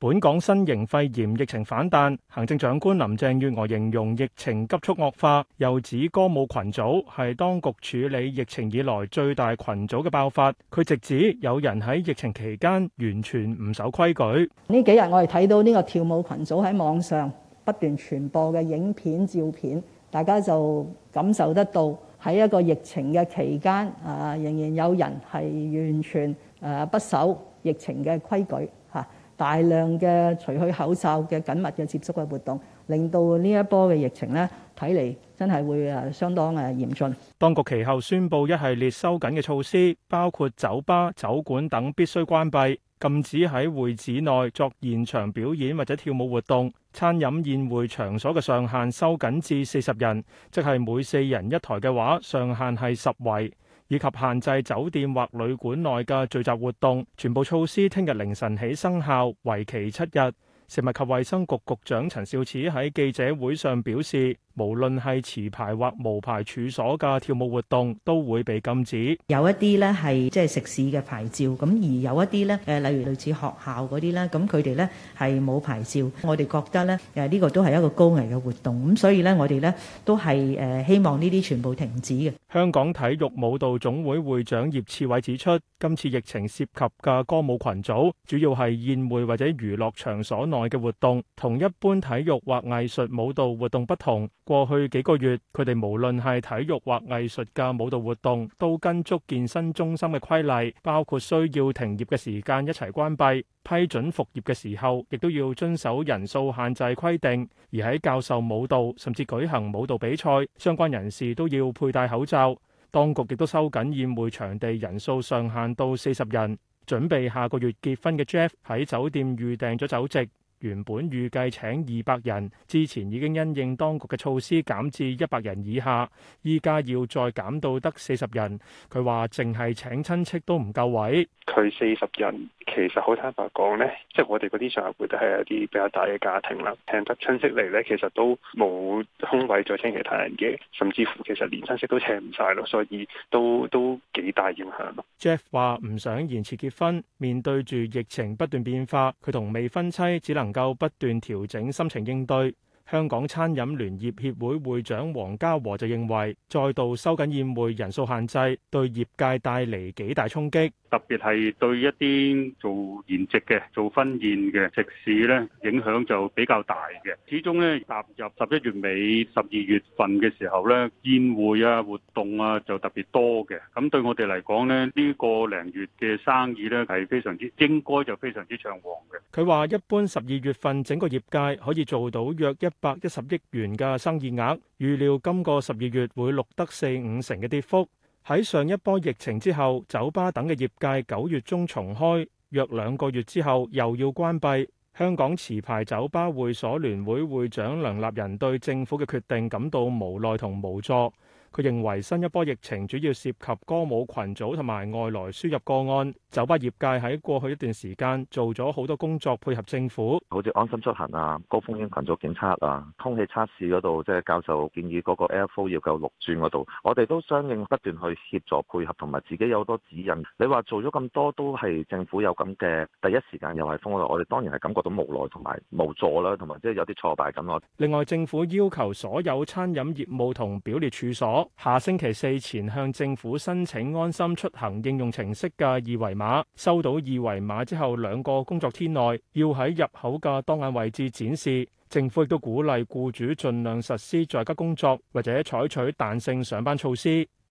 本港新型肺炎疫情反彈，行政長官林鄭月娥形容疫情急速惡化，又指歌舞群組係當局處理疫情以來最大群組嘅爆發，佢直指有人喺疫情期間完全唔守規矩。呢幾日我哋睇到呢個跳舞群組喺網上不斷傳播嘅影片、照片，大家就感受得到喺一個疫情嘅期間啊，仍然有人係完全誒、啊、不守疫情嘅規矩。大量嘅除去口罩嘅緊密嘅接觸嘅活動，令到呢一波嘅疫情咧，睇嚟真係會誒相當誒嚴峻。當局其後宣布一系列收緊嘅措施，包括酒吧、酒館等必須關閉，禁止喺會址內作現場表演或者跳舞活動，餐飲宴會場所嘅上限收緊至四十人，即係每四人一台嘅話，上限係十圍。以及限制酒店或旅館內嘅聚集活動，全部措施聽日凌晨起生效，為期七日。食物及衛生局局長陳肇始喺記者會上表示。無論係持牌或無牌處所嘅跳舞活動，都會被禁止。有一啲呢係即係食肆嘅牌照，咁而有一啲呢，誒，例如類似學校嗰啲咧，咁佢哋呢係冇牌照。我哋覺得咧，誒呢個都係一個高危嘅活動，咁所以呢，我哋呢都係誒希望呢啲全部停止嘅。香港體育舞蹈總會會長葉次偉指出，今次疫情涉及嘅歌舞群組，主要係宴會或者娛樂場所內嘅活動，同一般體育或藝術舞蹈活動不同。過去幾個月，佢哋無論係體育或藝術嘅舞蹈活動，都跟足健身中心嘅規例，包括需要停業嘅時間一齊關閉；批准復業嘅時候，亦都要遵守人數限制規定。而喺教授舞蹈甚至舉行舞蹈比賽，相關人士都要佩戴口罩。當局亦都收緊宴會場地人數上限到四十人。準備下個月結婚嘅 Jeff 喺酒店預訂咗酒席。原本預計請二百人，之前已經因應當局嘅措施減至一百人以下，依家要再減到得四十人。佢話淨係請親戚都唔夠位，佢四十人。其實好坦白講呢，即係我哋嗰啲場合都係一啲比較大嘅家庭啦，請得親戚嚟呢，其實都冇空位再請其他人嘅，甚至乎其實連親戚都請唔晒咯，所以都都幾大影響。Jeff 話唔想延遲結婚，面對住疫情不斷變化，佢同未婚妻只能夠不斷調整心情應對。香港餐飲聯業協會會長黃家和就認為，再度收緊宴會人數限制，對業界帶嚟幾大衝擊。特別係對一啲做筵席嘅、做婚宴嘅食肆呢，影響就比較大嘅。始終呢踏入十一月尾、十二月份嘅時候呢，宴會啊、活動啊就特別多嘅。咁對我哋嚟講呢，呢個零月嘅生意呢係非常之應該就非常之暢旺嘅。佢話：一般十二月份整個業界可以做到約一百一十億元嘅生意額，預料今個十二月會錄得四五成嘅跌幅。喺上一波疫情之後，酒吧等嘅業界九月中重開，約兩個月之後又要關閉。香港持牌酒吧會所聯會會長梁立仁對政府嘅決定感到無奈同無助。佢認為新一波疫情主要涉及歌舞群組同埋外來輸入個案，酒吧業界喺過去一段時間做咗好多工作配合政府，好似安心出行啊、高風險群組檢測啊、空氣測試嗰度，即係教授建議嗰個 Airflow 要夠六轉嗰度，我哋都相應不斷去協助配合同埋自己有好多指引。你話做咗咁多都係政府有咁嘅第一時間又係封我哋，我哋當然係感覺到無奈同埋無助啦，同埋即係有啲挫敗感咯。另外，政府要求所有餐飲業務同表列處所。下星期四前向政府申請安心出行應用程式嘅二維碼，收到二維碼之後兩個工作天內要喺入口嘅當眼位置展示。政府亦都鼓勵僱主盡量實施在家工作或者採取彈性上班措施。